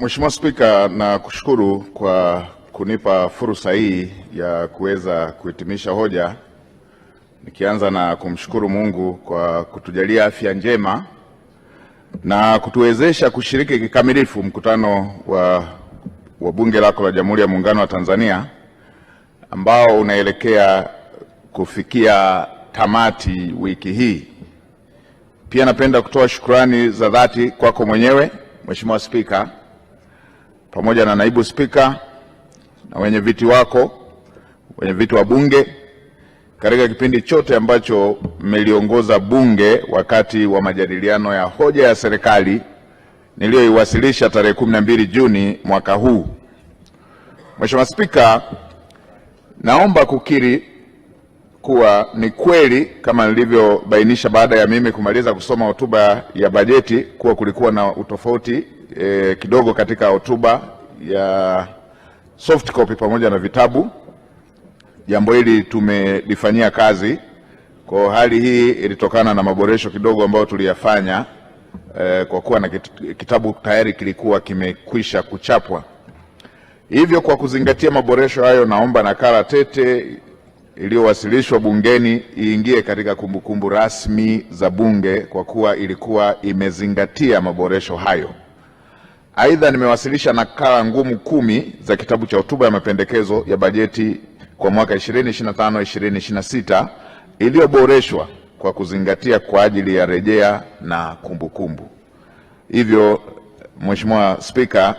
Mheshimiwa Spika, nakushukuru kwa kunipa fursa hii ya kuweza kuhitimisha hoja, nikianza na kumshukuru Mungu kwa kutujalia afya njema na kutuwezesha kushiriki kikamilifu mkutano wa, wa Bunge lako la Jamhuri ya Muungano wa Tanzania ambao unaelekea kufikia tamati wiki hii. Pia napenda kutoa shukrani za dhati kwako mwenyewe Mheshimiwa Spika pamoja na naibu spika na wenye viti wako wenye viti wa bunge katika kipindi chote ambacho mmeliongoza bunge wakati wa majadiliano ya hoja ya serikali niliyoiwasilisha tarehe mbili Juni mwaka huu. Mheshimiwa Spika, naomba kukiri kuwa ni kweli kama nilivyobainisha baada ya mimi kumaliza kusoma hotuba ya bajeti kuwa kulikuwa na utofauti e, kidogo katika hotuba ya soft copy pamoja na vitabu. Jambo hili tumelifanyia kazi kwa hali hii ilitokana na maboresho kidogo ambayo tuliyafanya e, kwa kuwa na kitabu tayari kilikuwa kimekwisha kuchapwa. Hivyo, kwa kuzingatia maboresho hayo, naomba nakala tete iliyowasilishwa bungeni iingie katika kumbukumbu rasmi za bunge kwa kuwa ilikuwa imezingatia maboresho hayo. Aidha, nimewasilisha nakala ngumu kumi za kitabu cha hotuba ya mapendekezo ya bajeti kwa mwaka 2025 2026 iliyoboreshwa kwa kuzingatia kwa ajili ya rejea na kumbukumbu kumbu. Hivyo Mheshimiwa Spika,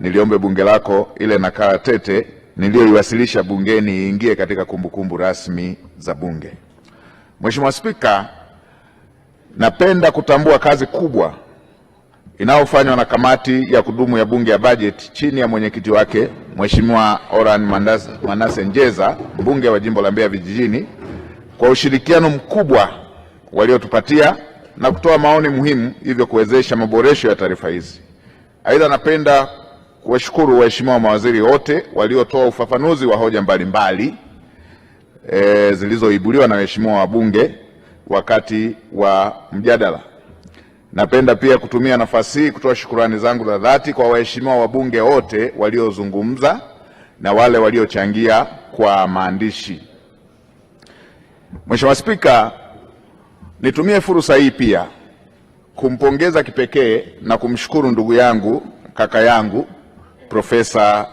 niliombe bunge lako ile nakala tete niliyoiwasilisha bungeni iingie katika kumbukumbu kumbu rasmi za bunge. Mheshimiwa Spika, napenda kutambua kazi kubwa inayofanywa na kamati ya kudumu ya bunge ya bajeti chini ya mwenyekiti wake Mheshimiwa Oran Manase Njeza, mbunge wa jimbo la Mbeya Vijijini, kwa ushirikiano mkubwa waliotupatia na kutoa maoni muhimu, hivyo kuwezesha maboresho ya taarifa hizi. Aidha, napenda kuwashukuru waheshimiwa mawaziri wote waliotoa ufafanuzi wa hoja mbalimbali e, zilizoibuliwa na waheshimiwa wabunge wakati wa mjadala. Napenda pia kutumia nafasi hii kutoa shukurani zangu za dhati kwa waheshimiwa wabunge wote waliozungumza na wale waliochangia kwa maandishi. Mheshimiwa Spika, nitumie fursa hii pia kumpongeza kipekee na kumshukuru ndugu yangu kaka yangu Profesa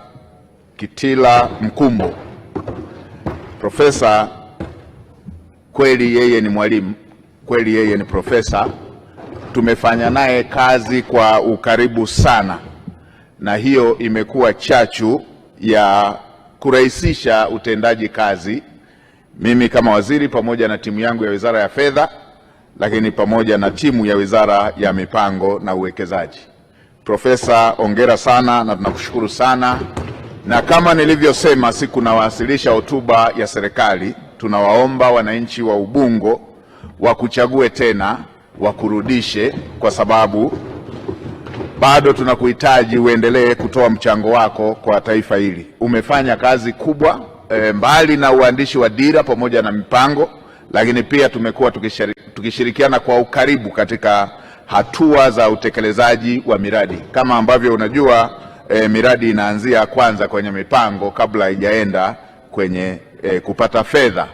Kitila Mkumbo. Profesa kweli, yeye ni mwalimu kweli, yeye ni profesa tumefanya naye kazi kwa ukaribu sana, na hiyo imekuwa chachu ya kurahisisha utendaji kazi, mimi kama waziri pamoja na timu yangu ya Wizara ya Fedha, lakini pamoja na timu ya Wizara ya Mipango na Uwekezaji. Profesa, ongera sana na tunakushukuru sana, na kama nilivyosema siku nawasilisha hotuba ya serikali, tunawaomba wananchi wa Ubungo wakuchague tena wakurudishe, kwa sababu bado tunakuhitaji uendelee kutoa mchango wako kwa taifa hili. Umefanya kazi kubwa e, mbali na uandishi wa dira pamoja na mipango, lakini pia tumekuwa tukishirikiana kwa ukaribu katika hatua za utekelezaji wa miradi. Kama ambavyo unajua e, miradi inaanzia kwanza kwenye mipango kabla haijaenda kwenye e, kupata fedha.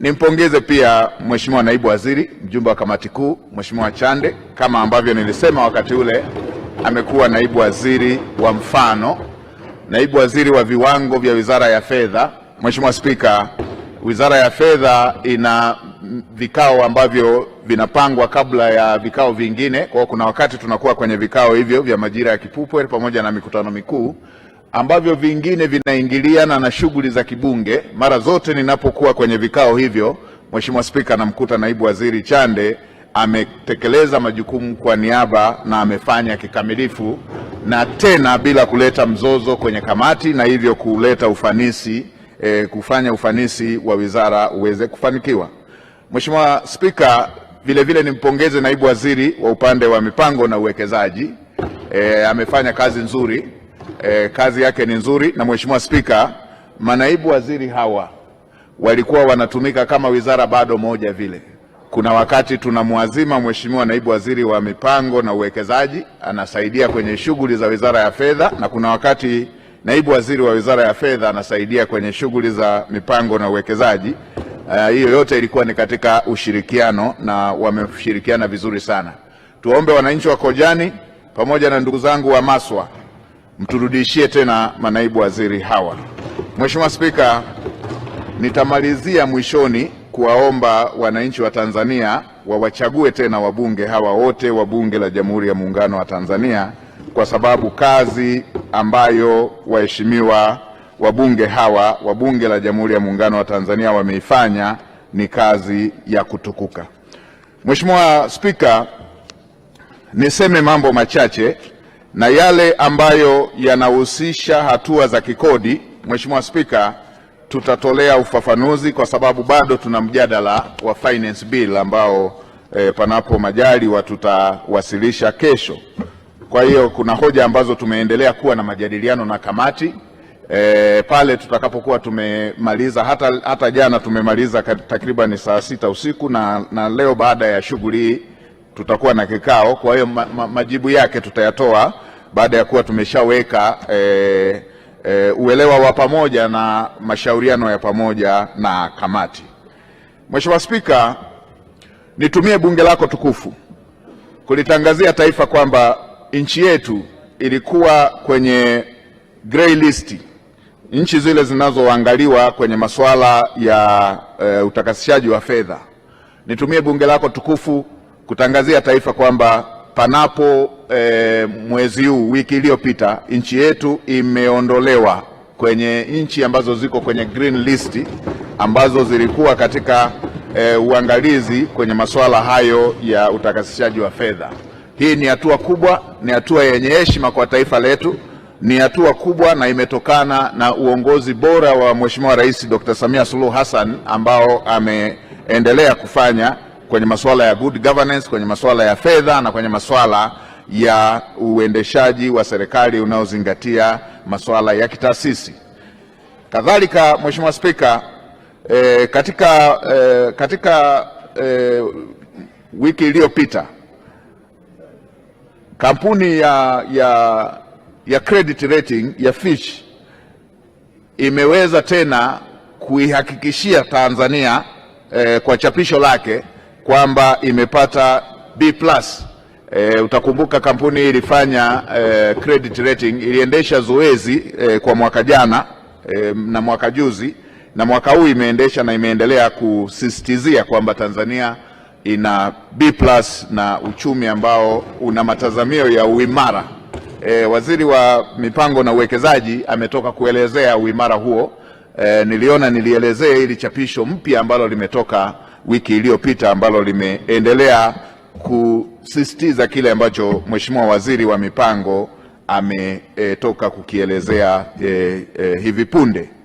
Nimpongeze pia Mheshimiwa Naibu Waziri, mjumbe wa kamati kuu, Mheshimiwa Chande, kama ambavyo nilisema wakati ule, amekuwa naibu waziri wa mfano, naibu waziri wa viwango vya Wizara ya Fedha. Mheshimiwa Spika, Wizara ya Fedha ina vikao ambavyo vinapangwa kabla ya vikao vingine. Kwa hiyo kuna wakati tunakuwa kwenye vikao hivyo vya majira ya kipupwe pamoja na mikutano mikuu ambavyo vingine vinaingiliana na shughuli za kibunge. Mara zote ninapokuwa kwenye vikao hivyo, Mheshimiwa Spika, namkuta naibu waziri Chande ametekeleza majukumu kwa niaba na amefanya kikamilifu na tena bila kuleta mzozo kwenye kamati na hivyo kuleta ufanisi e, kufanya ufanisi wa wizara uweze kufanikiwa. Mheshimiwa Spika, vilevile nimpongeze naibu waziri wa upande wa mipango na uwekezaji e, amefanya kazi nzuri eh, kazi yake ni nzuri, na Mheshimiwa Spika, manaibu waziri hawa walikuwa wanatumika kama wizara bado moja vile. Kuna wakati tunamwazima Mheshimiwa naibu waziri wa mipango na uwekezaji anasaidia kwenye shughuli za wizara ya fedha, na kuna wakati naibu waziri wa wizara ya fedha anasaidia kwenye shughuli za mipango na uwekezaji. Eh, hiyo uh, yote ilikuwa ni katika ushirikiano na wameshirikiana vizuri sana. Tuwaombe wananchi wa Kojani pamoja na ndugu zangu wa Maswa mturudishie tena manaibu waziri hawa. Mheshimiwa Spika, nitamalizia mwishoni kuwaomba wananchi wa Tanzania wawachague tena wabunge hawa wote wa Bunge la Jamhuri ya Muungano wa Tanzania kwa sababu kazi ambayo waheshimiwa wabunge hawa wa Bunge la Jamhuri ya Muungano wa Tanzania wameifanya ni kazi ya kutukuka. Mheshimiwa Spika, niseme mambo machache na yale ambayo yanahusisha hatua za kikodi, Mheshimiwa Spika, tutatolea ufafanuzi kwa sababu bado tuna mjadala wa finance bill ambao e, panapo majaliwa tutawasilisha kesho. Kwa hiyo kuna hoja ambazo tumeendelea kuwa na majadiliano na kamati e, pale tutakapokuwa tumemaliza hata, hata jana tumemaliza takriban saa sita usiku na, na leo baada ya shughuli hii tutakuwa na kikao. Kwa hiyo ma, ma, majibu yake tutayatoa baada ya kuwa tumeshaweka e, e, uelewa wa pamoja na mashauriano ya pamoja na kamati. Mheshimiwa Spika, nitumie bunge lako tukufu kulitangazia taifa kwamba nchi yetu ilikuwa kwenye grey list, nchi zile zinazoangaliwa kwenye masuala ya e, utakasishaji wa fedha. Nitumie bunge lako tukufu kutangazia taifa kwamba panapo e, mwezi huu wiki iliyopita nchi yetu imeondolewa kwenye nchi ambazo ziko kwenye green list ambazo zilikuwa katika e, uangalizi kwenye masuala hayo ya utakasishaji wa fedha. Hii ni hatua kubwa, ni hatua yenye heshima kwa taifa letu, ni hatua kubwa na imetokana na uongozi bora wa Mheshimiwa Rais Dr. Samia Suluhu Hassan ambao ameendelea kufanya kwenye masuala ya good governance, kwenye masuala ya fedha na kwenye masuala ya uendeshaji wa serikali unaozingatia masuala ya kitaasisi. Kadhalika, Mheshimiwa Spika, e, eh, katika, e, katika e, wiki iliyopita kampuni ya, ya, ya credit rating ya Fitch imeweza tena kuihakikishia Tanzania eh, kwa chapisho lake kwamba imepata B E, utakumbuka kampuni ilifanya e, credit rating, iliendesha zoezi e, kwa mwaka jana e, na mwaka juzi na mwaka huu imeendesha na imeendelea kusisitizia kwamba Tanzania ina B na uchumi ambao una matazamio ya uimara. E, waziri wa mipango na uwekezaji ametoka kuelezea uimara huo. E, niliona nilielezea ili chapisho mpya ambalo limetoka wiki iliyopita ambalo limeendelea kusisitiza kile ambacho Mheshimiwa Waziri wa Mipango ametoka e, kukielezea e, e, hivi punde.